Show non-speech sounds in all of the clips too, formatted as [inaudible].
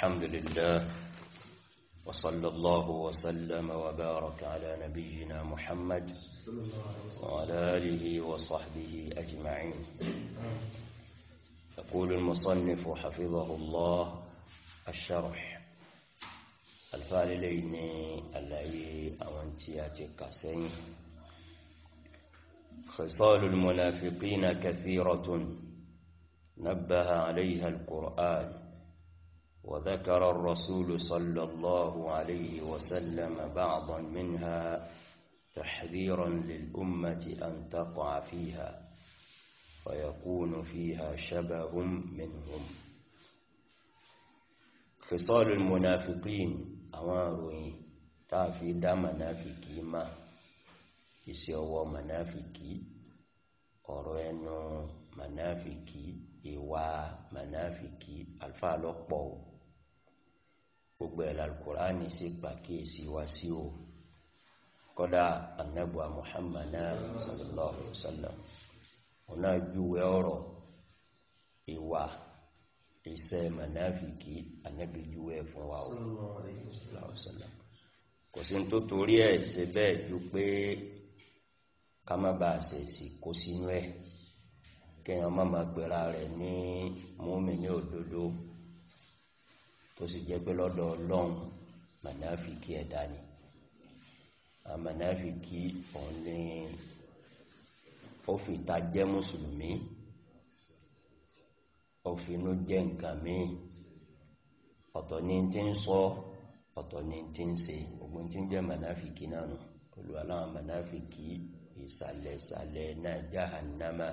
الحمد لله وصلى الله وسلم وبارك على نبينا محمد وعلى آله وصحبه أجمعين يقول المصنف حفظه الله الشرح الفاللين اللي أونتياتك سين خصال المنافقين كثيرة نبه عليها القرآن وذكر الرسول صلى الله عليه وسلم بعضا منها تحذيرا للأمة أن تقع فيها فيكون فيها شبه منهم خصال المنافقين أماروا تعفي دا منافقي ما يسيوا منافقي أروينو منافقي إوا منافقي الفالوكبو gbogbo ẹ̀lá alkùránì sí pàkíyèsí wá sí o kọ́dá annabuwa muhammadu sallallahu alaihi wasallam ọ̀nà júwẹ́ ọ̀rọ̀ ìwà iṣẹ́ manáfikì annabi júwẹ́ fún wa kò sí tó torí ẹ̀ ṣe bẹ́ẹ̀ ju pé ká má bàa ṣèṣì kó sínú ẹ̀ kí èèyàn má máa pera rẹ̀ ní mùmínì òdodo tó sì jẹ́ pé lọ́dọ̀ ọlọ́run mànáfìkì ẹ̀dá ni mànáfìkì òun ni ó fi ta jẹ́ mùsùlùmí ó fi inú jẹ́ nǹkan míì ọ̀tọ̀ ni tí ń sọ ọ̀tọ̀ ni tí ń ṣe ogun tí ń jẹ́ mànáfìkì náà nù olùwà náà mànáfìkì ìsàlẹ̀sàlẹ̀ náà jahannama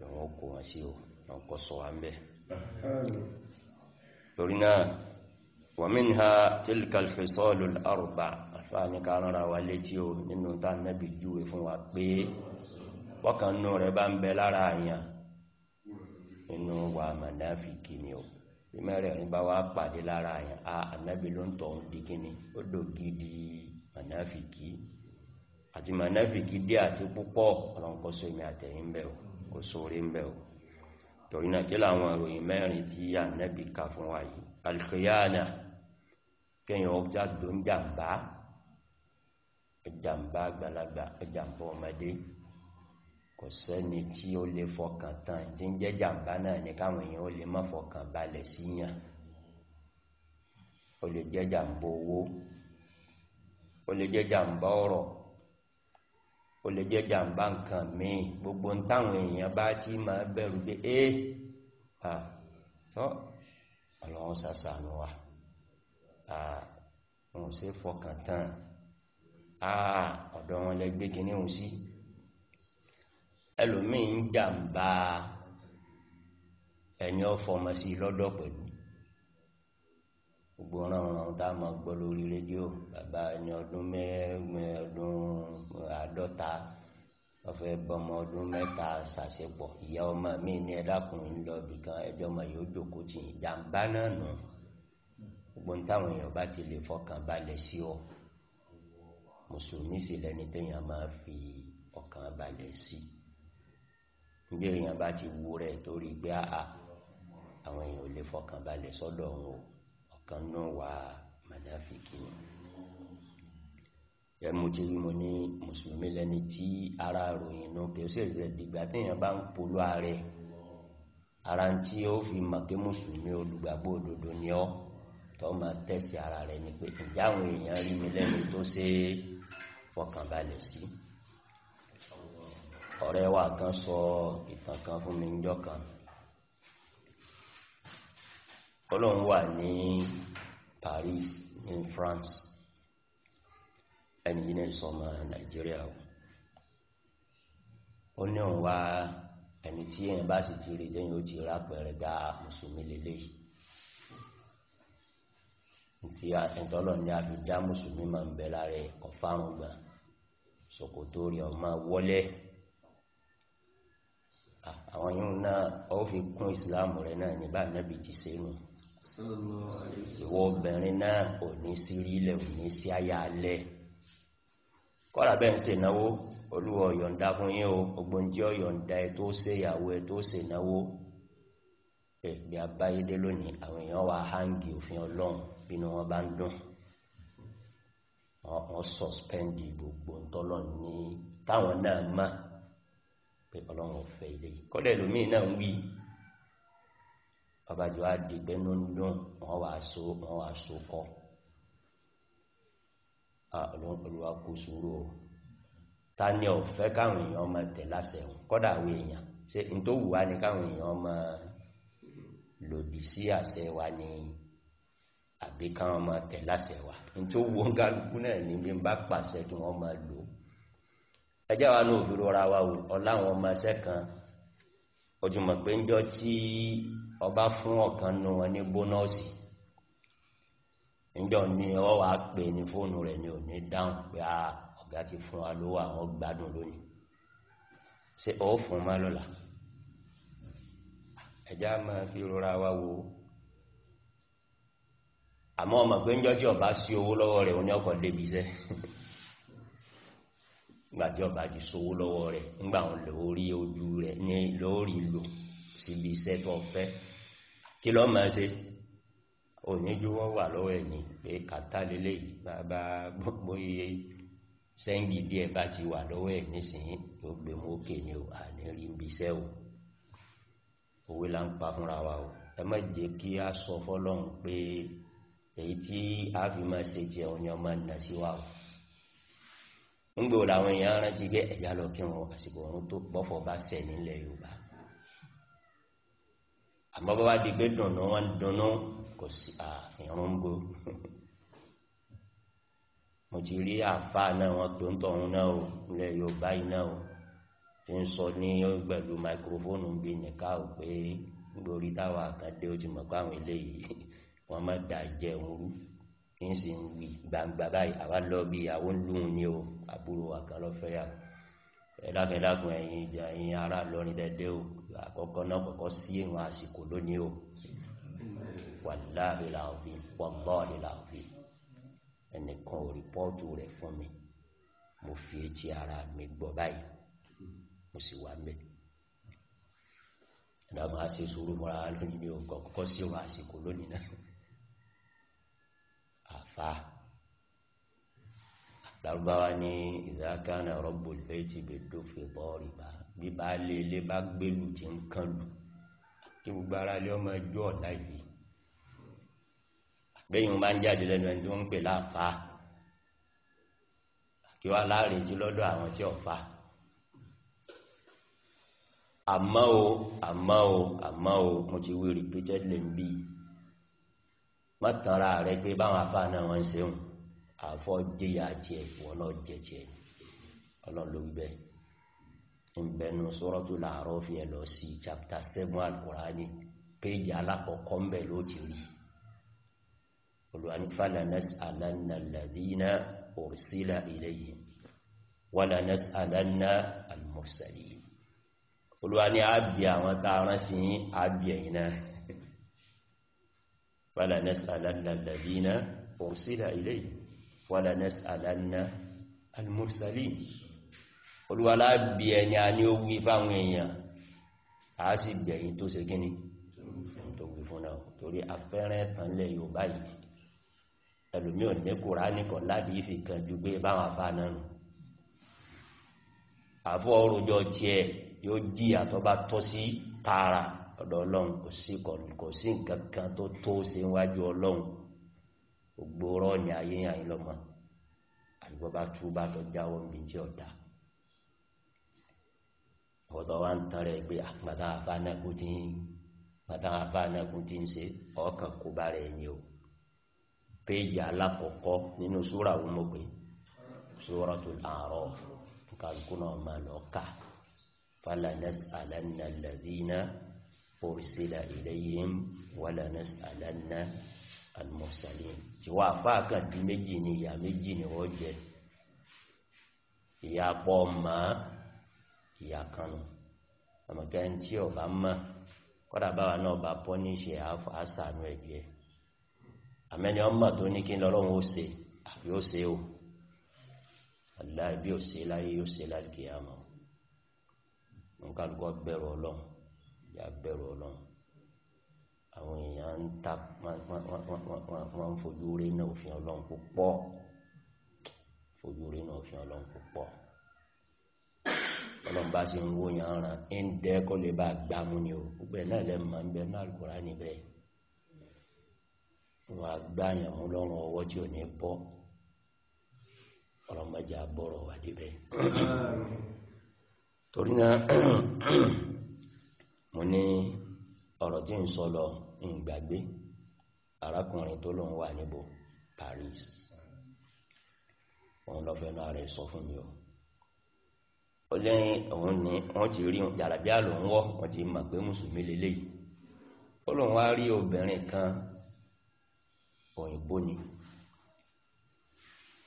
lọ́wọ́ kó wọn sí o lọ́kọ́ sọ wa ń bẹ́ẹ̀ torí náà wa minha tilka al-khisal al-arba' àfáàní kárára wa létí o nínú tá nẹ́bí júwe fún wa pé wọ́kànnú rẹ̀ bá ń bẹ lára àyàn inú wa mùnáfíkì ni o mẹ́rẹ̀ẹ̀rin bá wá pàdé lára àyàn a ànábì ló ń tọ̀hún di kíni ó dògì di mùnáfíkì àti mùnáfíkì dé àti púpọ̀ ọlọ́nkọ́sọ èmi àtẹ̀yìn bẹ̀ kò sóore ń torí náà kí láwọn ìròyìn mẹ́rin tí ànẹ́bì ká fún wa yìí alkhiyana kẹyàn ọjà ló ń jàmbá ìjàmbá àgbàlagbà ìjàmbá ọmọdé kò sẹ́ni tí ó lè fọkàn tán tí ń jẹ́ jàmbá náà ní káwọn èèyàn ó lè má fọkàn balẹ̀ síyàn ó lè jẹ́ jàmbá owó ó lè jẹ́ jàmbá ọ̀rọ̀ ó lè jẹ́ jàǹbá nǹkan míì gbogbo táwọn èèyàn bá tí ma bẹ̀rù pé é à tọ́ ọlọ́run sàṣàánú wa à wọn ṣe fọkàn tán à ọ̀dọ̀ wọn lè gbé kíní òun sí ẹlòmíì ń jàǹbá ẹni ọfọmọ sí lọ́dọ̀ pẹ̀lú gbogbo ránran tá a máa gbọ́ lórí rédíò bàbá ẹni ọdún mẹ́rin ọdún àádọ́ta ọ̀fẹ́ bọmọ ọdún mẹ́ta ṣàṣepọ̀ ìyá ọmọ mi ní ẹ̀dákùnrin lọ bìkan ẹjọ́ ọmọ yìí ó jókòó tì í jàǹbá náà nù gbogbo ní táwọn èèyàn bá ti lè fọkàn balẹ̀ sí ọ mùsùlùmí sì lẹni téèyàn máa fi ọkàn balẹ̀ sí bí èèyàn bá ti wú rẹ̀ torí pé àà àwọn èèyàn ò lè fọkàn balẹ̀ sọ́dọ̀ òun o ọ̀kan náà wà mùnáfíkì ẹmú tí mo ní mùsùlùmí lẹni tí ara ròyìn náà kí ó sì rẹ̀ dìgbà tí èèyàn bá ń polú ààrẹ ara tí ó fi mọ̀ pé mùsùlùmí olùgbàgbọ́ òdodo ni ọ́ tó máa tẹ̀sí ara rẹ̀ ni pé ìjà àwọn èèyàn rí mi lẹ́nu tó ṣe fọkànbalẹ̀ sí ọ̀rẹ́ wa kan sọ ìtàn kan fún mi níjọ́ kan ọlọ́run wà ní Paris ní France ẹni yínẹ̀ sọmọ Nàìjíríà ó ní òun wá ẹni tí èyàn bá sì ti rí tẹ́yìn ó ti rá pẹ̀rẹ̀ gba mùsùlùmí lélẹ̀ tí àṣẹntọ́lọ̀ ní a fi dá mùsùlùmí máa ń bẹ lára ẹ̀kọ́ gbà ṣòkòtò rẹ̀ ọmọ wọlé àwọn yìí náà ó fi kún ìsìláàmù rẹ̀ náà ní bá ti ṣe nù. No ìwọ obìnrin náà ò ní sí rílẹ̀ ò ní sí àyà alẹ́ kọ́lá bẹ́ẹ̀ ń ṣe náwó olúwa ọ̀yọ̀ǹda fún yín o ogbóǹjẹ́ ọ̀yọ̀ǹda ẹ tó ṣe ìyàwó ẹ tó ṣe náwó ẹ̀bí abáyédé lónìí àwọn èèyàn wà hangi òfin ọlọ́run bínú wọn bá ń dùn wọn sọ̀spẹ́ndì gbogbo ntọ́lọ̀ ní táwọn náà mọ̀ pé ọlọ́run ò fẹ́ ilé kọ́lẹ̀ lómìn náà ń wí bàbá tí wàá di pé ló ń dún wọn wàá so wọn wàá so kọ olùwà kò sùúrù o ta ni ọ̀fẹ́ káwọn èèyàn máa tẹ̀ lásẹ̀ wọn kọ́dà àwọn èèyàn ṣe n tó wù wá ni káwọn èèyàn máa lòdì sí àṣẹ wa ni àbí káwọn máa tẹ̀ lásẹ̀ wa n wọn kálukú náà ní bí n bá pàṣẹ kí wọ́n máa lò ó wa ní òfin rọra wa o ọ̀la àwọn kan ojúmọ̀ pé ń jọ tí ọba fún ọ̀kan nu wọn ní bónọ́ọ̀sì níjọ́ n'i ọ wa pè ní fóònù rẹ̀ ní òní dáhùn pé a ọ̀gá ti fún wa lówó àwọn gbádùn lónìí ṣé ó fún má lọ́la ẹ̀já máa fi rọra wa wo àmọ́ ọmọ pé níjọ́ tí ọba sí owó lọ́wọ́ rẹ̀ òní ọkọ̀ débi iṣẹ́ [laughs] nígbà tí ọba ti sówó lọ́wọ́ rẹ̀ nígbà òun lórí ojú rẹ̀ ní lórí lò síbi iṣẹ́ tó fẹ́. kí lọ máa ṣe oníjúwọ́ wà lọ́wọ́ ẹ̀yìn pé kàtà lélẹ̀ bàbá gbogbo iye sẹ́ńgì díẹ̀ bá ti wà lọ́wọ́ ẹ̀ nísìnyí yóò gbé mú òkè ni ò àní rí ibi iṣẹ́ o òwe là ń pa fúnra wa o ẹ má jẹ́ kí a sọ fọ́lọ́run pé èyí tí a fi máa ṣe jẹ ọyàn máa nà sí wa o nígbò làwọn èèyàn rántí pé ẹ̀yà lọ kírun àsìkò ọ̀run tó pọ̀fọ̀ bá ṣẹ̀ nílẹ̀ Yorùbá àmọ́ bá wá di pé dùnú wọn dùnú kò sí àìrún gbó mo ti rí àáfàá náà wọn tó ń tọ̀hún náà o ilẹ̀ Yorùbá yìí náà o ti ń sọ ní pẹ̀lú máikrófóònù bíi nìka ò pé nítorí táwa kan o ti mọ̀ pé àwọn eléyìí wọn má dà jẹ òun kí n sì ń wí gbangba báyìí àwa lọ bí àwọn lóhùn ni o àbúrò àkàlọ́fẹ́ ẹ̀dákẹ́dákùn ẹ̀yìn ìjà ẹ̀yìn ará lọ́rin tẹ́ dé o àkọ́kọ́ náà kọ́kọ́ sí ìrun àsìkò lónìí o wàláhì làáfíì wàláhì làáfíì ẹnìkan ò rìpọ́ọ̀tù rẹ̀ fún mi mo fi etí ara mi gbọ́ báyìí mo sì wà mẹ́ ẹ̀dá máa ṣe sùúrù mọ́ra lónìí o kọ́kọ́ sí ìrun àsìkò lónìí náà àfáà lárúbáwá ní ìdákànnà rọ́bù lẹ́tì bẹ̀dọ́fẹ̀ bọ́ọ̀rìbá bí bá lé ilé bá gbélù tí ń kàn lù kí gbogbo ara lé ọmọ ẹjọ́ ọ̀la yìí àgbẹ̀yìn bá ń jáde lẹ́nu ẹni tí wọ́n ń pè láàfa kí wá láàrètí lọ́dọ̀ àwọn tí ọ̀fà àmọ́ o àmọ́ o àmọ́ o mo ti wí repeatedly ń bí mọ́tànra rẹ pé báwọn afáàná wọn ń ṣeun àfọ́ jẹyà tiẹ̀ wọ́n lọ jẹ tiẹ̀ ọlọ́run ló wí bẹ́ẹ̀ nbẹnu Suratul A'raf fi ẹ lọ sí chapter seven alukurani péjì alákọ̀ọ́kọ́ ń bẹ̀ ló ti rí olùwànífàlà nas'alanna alladhina ursila ilayhim wala nas'alanna al-mursalin olùwàní àbí àwọn tá a rán sí àbí ẹ̀yìn náà [laughs] fala nas'alanna alladhina wala nas'alanna al-mursalin olúwalá bí ẹni a ní ó wí fáwọn èèyàn a sì gbẹ̀yìn tó ṣe gíní tó wí fún náà torí afẹ́rẹ́ tánlẹ̀ Yorùbá yìí ẹlòmí ò ní Kùránì kọ̀ láti ìfì kan ju gbé báwọn afá náà àfọ́ òròjọ tiẹ̀ yóò jí àtọ́ tọ́ sí tààrà ọ̀dọ̀ Ọlọ́run kò sí nǹkan kan tó tó ṣe wájú Ọlọ́run gbogbo rọ́ọ̀nì ayé yàn lọ́mọ àgbọ̀ bá tú bá tọ́ jáwọ́ mi tí ọ̀dà ọ̀dọ̀ wa ń tan rẹ̀ pé àgbàtà àfáànàkùn ti ń bàtà àfáànàkùn ti ń ṣe ọkàn kó bá rẹ̀ ni o péèjì alákọ̀ọ́kọ́ nínú súra òun mọ̀ pé Suratul A'raf kálukú náà máa lọ kà fala nas'alanna alladhina ursila ilayhim wala nas'alanna al-mursalin tí wọ́n àfa àkàdí méjì ni ìyá méjì ni wọ́n jẹ ìyá pọ̀ mọ́ ìyá kanu àmọ̀kẹ́ ń tí ọba mọ́ kọ́dà báwa náà bá pọ́ ní ṣe àṣàánú ẹ̀jẹ̀ àmẹ́ni ọmọ tó ní kí lọ́lọ́run ó ṣe àbí ó ṣe o aláì bí ó ṣe láyé yóò ṣe láìkè àmọ́ nǹkan kọ́ bẹ̀rù ọlọ́run ìyá bẹ̀rù ọlọ́run àwọn èèyàn ń ta wọ́n ń fojú rí náà òfin ọlọ́run púpọ̀ fojú rí náà òfin ọlọ́run púpọ̀ ọlọ́run bá ṣe ń wó yàn ràn ń dẹ́ kó lè bá gbá mú ni o gbogbo ẹ̀ náà lẹ́nu máa ń bẹ náà kúrá níbẹ̀ wọn àgbá yàn mú lọ́rùn ọwọ́ tí ò ní bọ́ ọlọ́mọdé àbọ̀rọ̀ wà débẹ̀ torí náà [clears throat] mo ní ọ̀rọ̀ tí ń sọ lọ ìgbàgbé arákùnrin tó lóun wà níbo Paris òun lọ́fẹ́ náà rẹ̀ sọ fún mi o ó lẹ́yìn òun ni wọ́n ti rí jàràbíà lòun wọ́ wọ́n ti mọ̀ pé mùsùlùmí lélẹ́yìí ó lóun wá rí obìnrin kan òyìnbó ni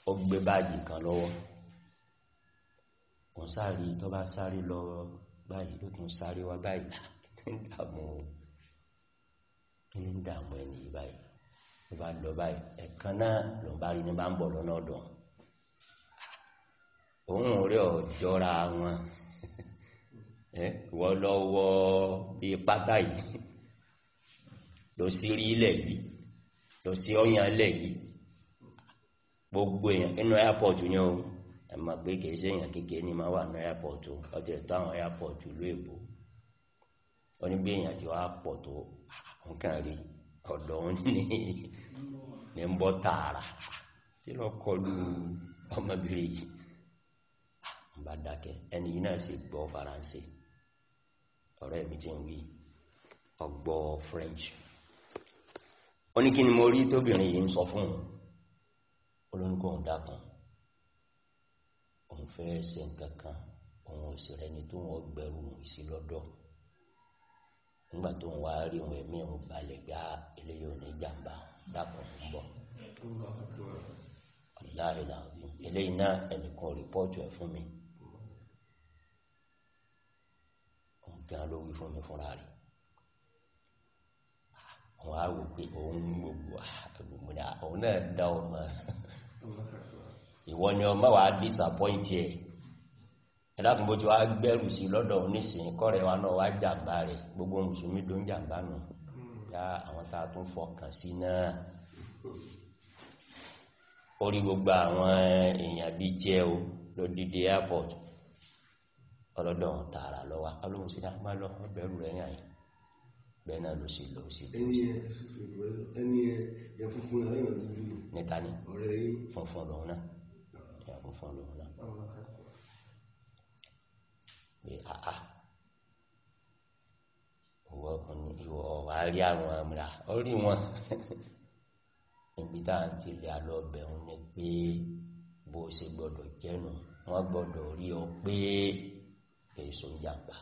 ó gbé báàgì kan lọ́wọ́ òun sáré tó bá sáré lọ báyìí ló tún sáré wá báyìí [laughs] dáàmú o kí ni ń dà àwọn ẹni yìí báyìí ló bá lọ báyìí ẹ̀kan náà ló bá rí ní bá ń bọ̀ lọ́nà ọ̀dọ̀ òun ò rí wọn lọ bí pátá yìí lọ sí rí ilẹ̀ yìí lọ sí ilẹ̀ yìí gbogbo èèyàn inú airport ni o ẹ máa gbé kìí ṣe èèyàn kékeré máa wà ń kàn rí ọ̀dọ̀ ń ní ní ń bọ́ tààrà kí lọ kọlu ọmọbìnrin yìí ń bá dákẹ́ ẹni yìí náà sì gbọ́ faransé ọ̀rẹ́ mi ti ń wí ọgbọ́ french ó ní kí ni mo rí tóbìnrin yìí ń sọ fún un olóńkó òun dákun òun fẹ́ ṣe nǹkan kan òun ò sì rẹni tó wọn gbẹrù ìsílọ́dọ̀ nígbà tó ń wá rí òun ẹ̀mí òun balẹ̀ gbá eléyìí ò ní jàǹbá dákun ń bọ̀ ọ̀làìlà eléyìí náà ẹnìkan rìpọ́ọ̀tù ẹ̀ fún mi òun gan ló wí fún mi fúnra rẹ̀ àwọn á wò pé òun gbogbo àgbòmọdà ah, ah, òun náà dá ọmọ [laughs] ìwọ ni ọmọ wàá disappoint ẹ ẹ̀dàkùn bó ti wá gbẹ́rù sí lọ́dọ̀ onísìn kọ́rẹ̀ wa náà wá jàmbá rẹ̀ gbogbo mùsùlùmí tó ń jàmbá nù ya àwọn tàà tún fọkàn sí náà orí gbogbo àwọn èèyàn bí jẹ́ o ló dìde airport ọlọ́dọ̀ tààrà lọ́wọ́ alóhun sí náà máa lọ bẹ̀rù rẹ̀ yàn yìí bẹ́ẹ̀ náà ló sì lọ sí lọ sí níta ni funfun lòun náà pé àá ah, ah. ìwọ ọkùnrin ìwọ ọ̀wá rí àwọn àmìlà ó rí wọn níbi [laughs] tá à ń tilẹ̀ alọ́bẹ̀ ń ní pé bó o ṣe gbọ́dọ̀ jẹ́nu wọ́n gbọ́dọ̀ rí ọ pé èso ń jàǹbá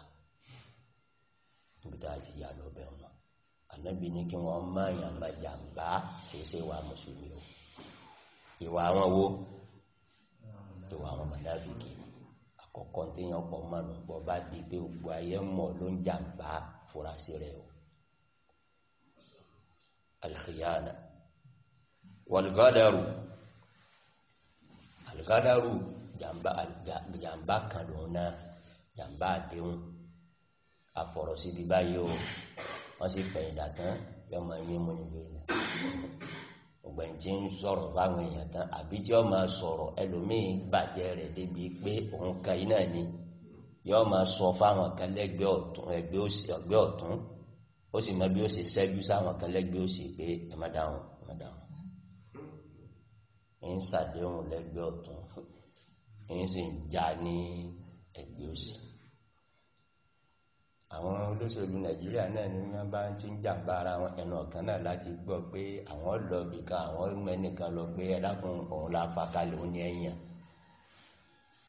níbi tá a ti yà lọ́bẹ̀ wọn ànábì ní kí wọ́n má yàn má jàǹbá kìí ṣe ìwà mùsùlùmí o ìwà àwọn wo ìwà àwọn mọ̀dábìkì àkọ́kọ́ téèyàn pọ̀ mọ́ ló bọ́ bá di pé gbogbo ayé mọ̀ ló ń jàǹbá furasí rẹ̀ o alkhiyana walgadaru algadaru jàǹbá kan lòun náà jàǹbá àdéhùn àfọ̀rọ̀síbi báyìí o wọ́n sì pẹ̀yìndà tán yọmọ yín mú nílé náà ògbẹ̀njẹ́ ń sọ̀rọ̀ báwọn èèyàn tán àbí tí ó máa sọ̀rọ̀ ẹlòmíì bàjẹ́ rẹ̀ débi pé òun kan iná ni yóò máa sọ fáwọn kan lẹ́gbẹ́ ọ̀tún ẹgbẹ́ ọ̀tún ó sì mọ bí ó ṣe ṣẹ́jú sáwọn kan lẹ́gbẹ́ òsì pé ẹ má dáhùn ẹ má dáhùn ń ṣàdéhùn lẹ́gbẹ́ ọ̀tún ń sì ń já ní ẹgbẹ́ òsì àwọn olóṣèlú nàìjíríà náà ni wọ́n bá ti ń jàǹbá ara wọn ẹnu ọ̀kan náà láti gbọ́ pé àwọn lọ bìkan àwọn mẹ́nìkan lọ pé ẹlákùn òun la fà kalẹ̀ òun ni ẹ̀yàn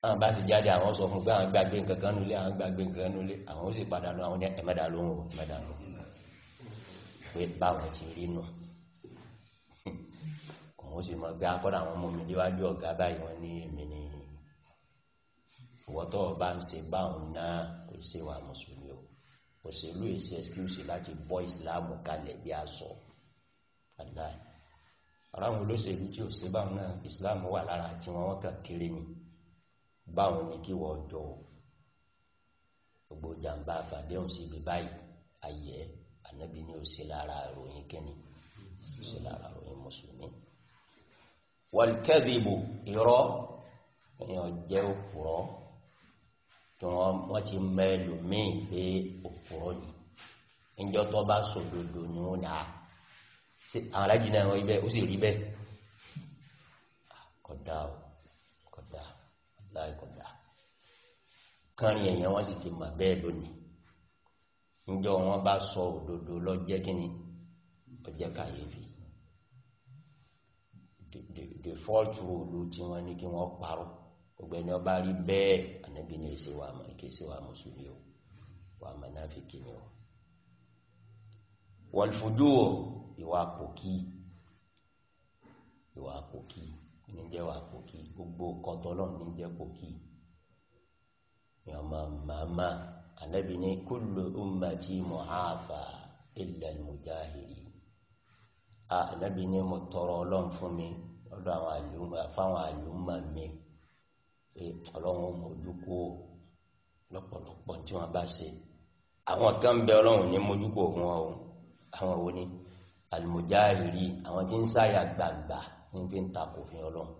àwọn bá sì jáde àwọn sọ fún pé àwọn gbàgbé nǹkan kan nulẹ̀ àwọn gbàgbé nǹkan nulẹ̀ àwọn ó sì padà lọ àwọn ní ẹ̀mẹ́dà lóhùn ẹ̀mẹ́dà lóhùn pé báwọn ti rí nù [laughs] òun ó sì mọ pé akọ́dà ah, àwọn ọmọ mi níwájú ọ̀gá báyìí wọ́n ní èmi ni ìwọ́tọ̀ bá ń ṣe báwọn náà kò ṣe wà mùsùlùmí o òṣèlú èsì excuse láti bọ́ ìsìláàmù kalẹ̀ bí a sọ aláì aráwọn olóṣèlú tí ò sí báwọn náà ìsìláàmù wà lára tí wọ́n wọ́n kàn kéré ni báwọn ní kí wọ́n jọ gbogbo jàǹbá fàdéhùn síbi báyìí ayẹ ànábì ni ó sí lára ìròyìn kíni ó sí lára ìròyìn mùsùlùmí wàlkẹ́dìbò irọ́ èèyàn jẹ́ òpùrọ́ tí wọ́n ti mọ ẹlòmíì pé òpùrọ̀ ni níjọ́ tó bá sòdodo ni ó dáa àwọn alájì náà wọ́n ibẹ̀ ó sì rí bẹ́ẹ̀ kódà o kódà láì kódà kárin èèyàn wọ́n sì ti mọ̀ bẹ́ẹ̀ lónìí níjọ́ wọ́n bá sọ òdodo lọ́jẹ́ kínní ọjẹ́ kàyéfì default rule tí wọ́n ní kí wọ́n parọ́ ọgbẹni ọba rí bẹ́ẹ̀ anabi ní èsì wa mọ èkèsì wa mùsùlùmí o wa mùnáfíkí ni o wàlùfùdù o ìwà àpòkì ìwà àpòkì ní jẹ́ wà pòkì gbogbo kọtọ́ náà ní jẹ́ pòkì ni ọmọ màmá anabi ní kullu ummati mu'afa illa al-mujahiri anabi ní mo tọrọ Ọlọ́run fún mi lọ́dọ̀ àwọn àlùmọ mi pé ọlọ́run mójúkó lọ́pọ̀lọpọ̀ tí wọ́n bá ṣe àwọn kan bẹ ọlọ́run ní mójúkó wọn o àwọn wo ni àlùmọ̀jáìrí àwọn tí ń sáyà gbàgbà ní fi ń ta kò fi ọlọ́run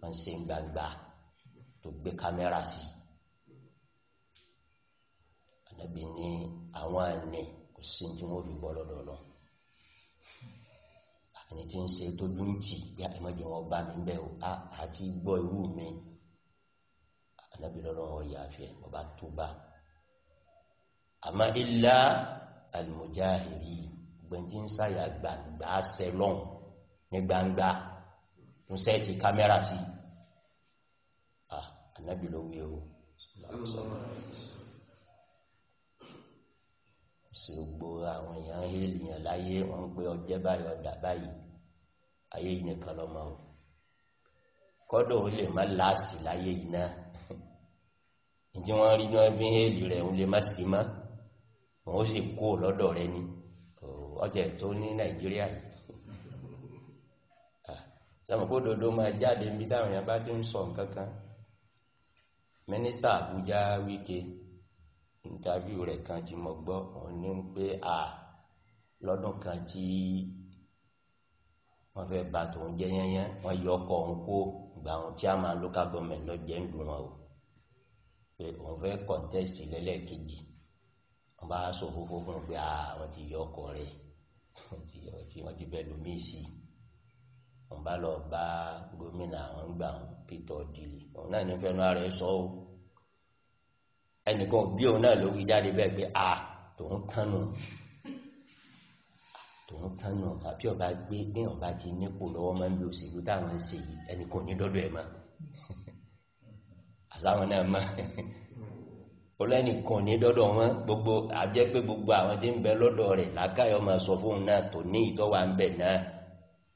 wọ́n ṣe ń gbàgbà tó gbé kámẹ́rà sí ànábì ní àwọn àní kò sí tí wọ́n fi bọ́ lọ́dọ̀ ọlọ́run ẹni tí ń ṣe tó dúntì bí àìmọ̀jẹ̀ wọn bá mi bẹ́ẹ̀ o àti gbọ́ irú mi anábì lọ́lọ́wọ́ yà fẹ́ ọba tó bá àmọ́ ilá alìmọ̀jáhìrì gbẹ̀ntí ń sáyà gbàǹgbà sẹlọ́n ní gbangba tó sẹ́ẹ̀tì kámẹ́rà sí anábì ah, ló wí o sí gbogbo àwọn èèyàn hélìyàn láyé wọn pé ọjẹ́ báyìí ọ̀dà báyìí ayé yìí nìkan lọ́mọ o kọ́dọ̀ ó lè má láàsì láyé yìí náà ǹjẹ́ wọ́n rí náà bí hélì rẹ̀ ó lè má sí má wọ́n ó sì kó lọ́dọ̀ rẹ ni ọjà tó ní nàìjíríà yìí sọmọkódodo máa jáde níbi táwọn èèyàn bá ti ń sọ nǹkan kan mínísítà àbújá wíkẹ́ interview rẹ̀ kan tí mo gbọ́ òun ní pé à lọ́dún kan tí wọ́n fẹ́ bà tòun jẹ́ yẹ́yẹ́ wọ́n yọ ọkọ̀ òun kó ìgbà àwọn chairman local government lọ jẹ́ ń lù wọn o pé òun fẹ́ kọ̀ǹtẹ́sì lẹ́lẹ́kejì wọ́n bá sọ̀rọ̀ fún pé àwọn ti yọ ọkọ rẹ̀ wọ́n ti bẹ̀ lómi sí i wọ́n bá lọ bá gómìnà àwọn ń gbà wọn Peter Odili òun náà ní fẹnu ara ẹ sọ ọ ẹnìkan bí òun náà ló wí jáde bẹ́ẹ̀ pé a tòun tánu tòun tánu àbí ọba gbé bí ọba ti nípò lọ́wọ́ máa ń lo òṣèlú táwọn ń ṣe yìí ẹnìkan ò ní dọdọ ẹ máa àsáwọn náà mọ́ [laughs] olẹ́nìkan ní dọ́dọ̀ wọn gbogbo àjẹ́ pé gbogbo àwọn tí ń bẹ lọ́dọ̀ rẹ̀ làákàyọ̀ máa sọ fóun náà tó ní ìtọ́wà ń bẹ̀ náà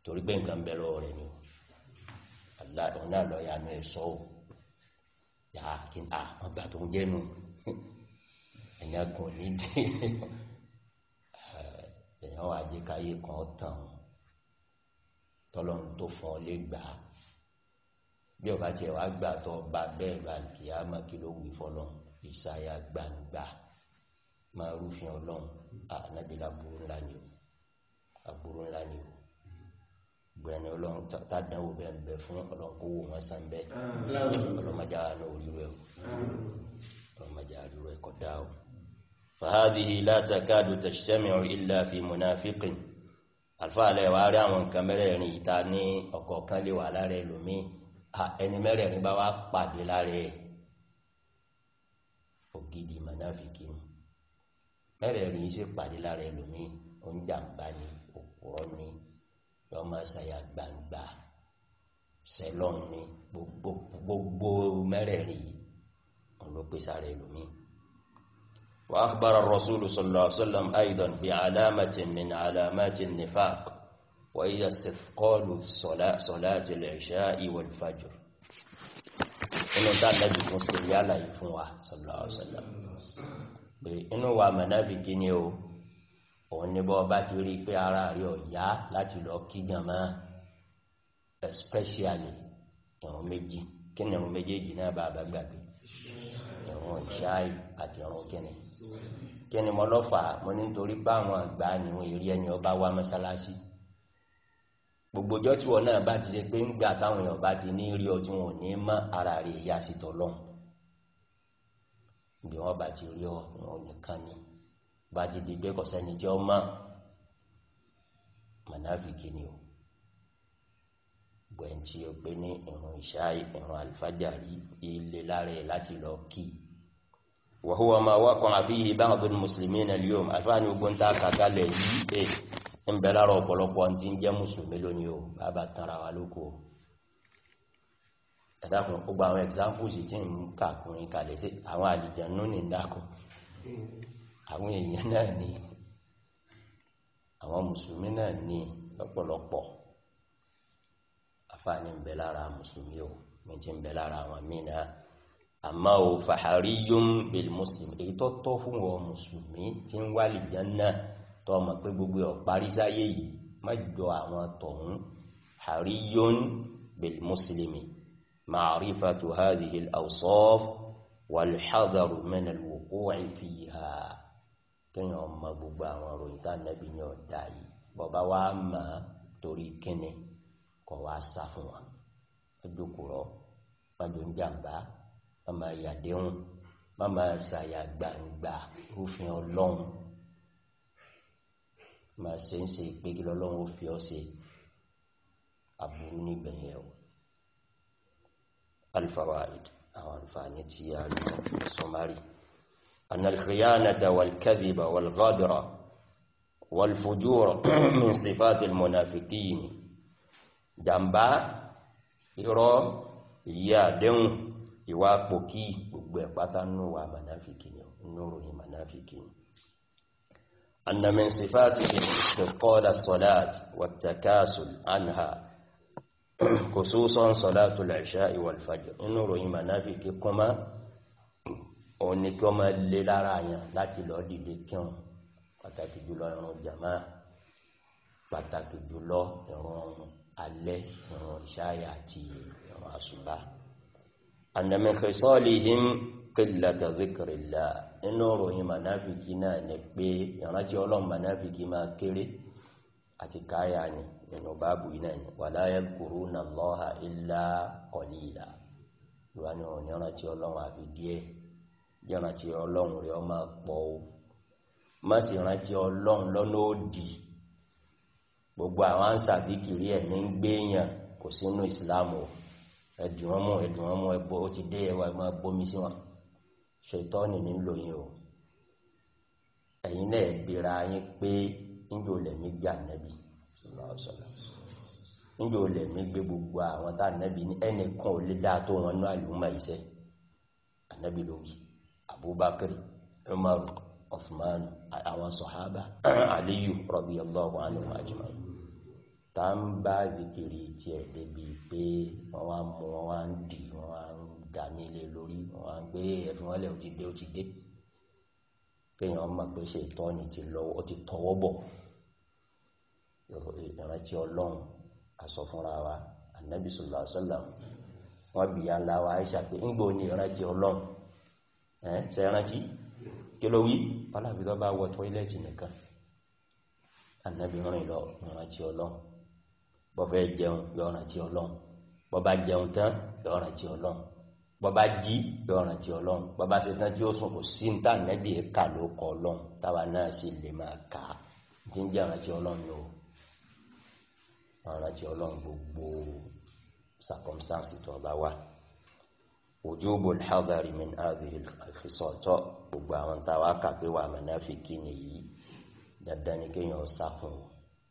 torí pé nǹkan bẹ lọ́wọ́ rẹ̀ ni aláàdùn náà lọ yanu ẹ̀sọ́ o yà á kí a wọn gbà tó ń jẹnu [laughs] ẹ̀yàn kan ní dé [laughs] ẹ̀yàn wà kan tán tọ́lọ́run tó fún ọ lé gbàá bí ọba tiẹ̀ wá gbà tọ́ bá bẹ́ẹ̀ bá kìá má kí ló wù fọlọ́ ìsàyà gbangba máa rúfin ọlọ́run ànábìlà burú ńlá ni o àbúrú ńlá ni o gbẹ̀ni ọlọ́run tàdánwò bẹ́ẹ̀ bẹ̀ fún ọlọ́run kó wò wọ́n sàn bẹ́ẹ̀ ọlọ́mọdé àánú oríru ẹ̀ ọlọ́mọdé àánú ẹ̀ kọ́ dá o. fàhábìhì látàkàdù tẹ̀sítẹ́mìrì ilà fi mùnàfíkìn àlùfáà lẹ́wàá rí àwọn nǹkan mẹ́rẹ̀ẹ̀rin ìta ní ọ̀kọ̀ọ̀kan lè ẹni mẹ́rẹ̀ẹ̀rin bá wá pàdé lára ẹ̀ ògidì mọ̀náfìkì ni mẹ́rẹ̀ẹ̀rin ṣe pàdé lára ẹlòmíì oúnjàmbá ni òpùrọ́ ni yọmọ ṣàyà gbangba sẹlọ́n ni gbogbo mẹ́rẹ̀ẹ̀rin yìí wọn ló pèsè ara ẹlòmíì. وأخبر الرسول صلى الله عليه وسلم أيضا بعلامة من علامات النفاق وهي استثقال صلاة العشاء والفجر inú dáadájú tó ṣe rí àlàyé fún wa sallallahu alaihi wasallam pé inú wa mọ̀nàfìkì ni o òun ní bọ́ bá ti rí pé ara rí ọ̀yá láti lọ kí jàmá especially ìrun méjì kí ni ìrun méjèèjì náà bá bá gbàgbé ìrun ìṣáì àti ìrun kẹ́ni kí ni mo lọ́fà mo ní nítorí báwọn àgbà ni wọ́n rí ẹni ọba wa mọ́sálásí gbogbo ọjọ́ tí wọn náà bá ti ṣe pé ń gbà táwọn èèyàn bá ti ní rí ọtún wọn ní mọ́ ara rẹ̀ ìyá sí tọ́lọ́hún bí wọ́n bá ti rí ọ nìkan ni bá ti di pé kò sẹ́ni tí ó mọ̀ mọ̀náfìkì ni o gbẹ̀yìn tí o pé ní ìrun ìṣá ìrun àlùfájàrí ilé lára ẹ̀ láti lọ kí wa huwa ma waqa fihi ba'd al-muslimina al-yawm àfáàní ogun tá a kàkálẹ̀ yìí eh, ń bẹ lára ọ̀pọ̀lọpọ̀ tí ń jẹ́ mùsùlùmí lónìí o bàbá tanra wa lóko o ẹ̀dàkùn gbogbo àwọn examples tí ń kàkùnrin kalẹ̀ sí àwọn àlìjànú ní ìdákọ̀ àwọn èèyàn náà ni àwọn mùsùlùmí náà ni lọ́pọ̀lọpọ̀ afáàní ń bẹ lára mùsùlùmí o méjì ń bẹ lára àwọn míì náà àmọ́ o fàhárí yóò ń bèèrè mùsùlùmí èyí tó tọ́ fún wọn mùsùlùmí tí ń wá àlìjànú náà tó mọ̀ pé gbogbo ọ̀parí sáyé yìí má jọ àwọn tọ̀hún hariyun bil muslimi ma'rifatu hadhihi al-awsaf wal hadaru min al-wuqu'i fiha kéèyàn ọmọ gbogbo àwọn ìròyìn tá nẹ́bí ní ọ̀dà yìí bọ̀bá wa mọ̀ torí kíni kọ̀ wá sá fún wa ẹjọ́kùrọ̀ májò ń jàǹbá má máa yàdéhùn má máa ṣàyà gbangba rúfin ọlọ́run máa ṣe ń ṣe pé kí lọ́lọ́run ó fi ọ́ ṣe aburú nígbẹ̀yìn ẹ̀wọ̀ alfawaid àwọn àǹfààní tí a rí sọmárì أن الخيانة والكذب والغدر والفجور من صفات المنافقين jàmbá irọ́ ìyẹ́ àdéhùn ìwà pòkí gbogbo ẹ̀pátá nínú wa mànáfìkì ni nínú ìròyìn mànáfìkì ni أن من صفاته استثقال الصلاة والتكاسل عنها خصوصا صلاة العشاء والفجر إنه رأي منافق كما òní kí ọmọ lé lára yàn láti lọ dìde kírun pàtàkì jùlọ ìrun jàmá pàtàkì jùlọ ìrun alẹ́ ìrun ìṣáyà àti ìrun àsùbá. ànàmì khisālihim qillata dhikrillah nínú ìròyìn mànáfìkì náà ni pé ìrántí ọlọ́run mànáfìkì máa kéré àti káyà ni nínú báàbù iná ni wala yadhkuruna Allaha illa qalila ìwà ni òun ìrántí ọlọ́run àfi díẹ̀ ìrántí ọlọ́run rẹ̀ ọmọ pọ̀ o má sì rántí ọlọ́run lọ́nà òdì gbogbo àwọn ànsà díkìrí ẹ̀mí ń gbéyàn kò sínú ìsìlámù ẹ̀dùn ẹ̀dùn ṣètọ́nì ní lóyún o ẹ̀yin náà gbéra yín pé níjó lẹ̀mí gbé ànábì níjó lẹ̀mí gbé gbogbo àwọn tá ànábì ní ẹnìkan ò lè dáa tó wọn ní àlùmọ́ iṣẹ́ ànábì ló wí Abubakar Umar Uthman àwọn sọ̀hábà [clears throat] Aliyu radiyallahu anhu ajma'in tá ń bá zikiri tiẹ̀ débi pé wọ́n wá mú wọn wá ń dì wọ́n wá ń dà mí lé lórí wọn á gbé ẹ̀fìn wọn lẹ̀ ó ti dé ó ti dé kéèyàn mọ̀ pé ṣe ìtọ́ni ti lọ́wọ́ ó ti tọwọ́ bọ̀ ìrántí ọlọ́run aṣọ fúnra wa anabi sọlá sọlá wọn bì ya ńlá wa aisha pé ńgbò ní ìrántí ọlọ́run ẹ ṣe rántí kí ló wí wọn làbí lọ bá wọ tọ́ílẹ̀tì nìkan anabi rìn lọ ìrántí ọlọ́run bọ́fẹ́ jẹun yọ ìrántí ọlọ́run bọ́ba jẹun tán yọ ìrántí ọlọ́run bọ́bá jí yọ̀ràn tí ọlọ́run bọ́bá ṣe tán tí ó sùn kò sí ní tà nẹ́bí ẹ̀ka ló kọ ọlọ́run táwa náà sì lè máa kà á tí ń jẹ́ ọ̀ràn tí ọlọ́run o ọ̀ràn tí gbogbo circumstance tó bá wà wujubul hadari min hadhihi al-khisal tó gbogbo àwọn táwa kà pé wà mùnáfíkí nìyí dandan ni kéèyàn ó sá fún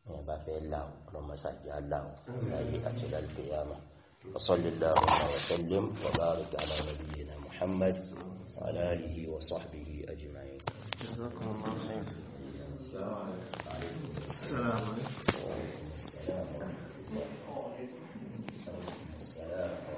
o èèyàn bá fẹ́ là ó ọlọ́mọṣàjà là ó àti lálùkẹ́yàmọ́. وصلى الله وسلم وبارك على نبينا محمد وعلى آله وصحبه أجمعين جزاكم الله خير السلام عليكم السلام عليكم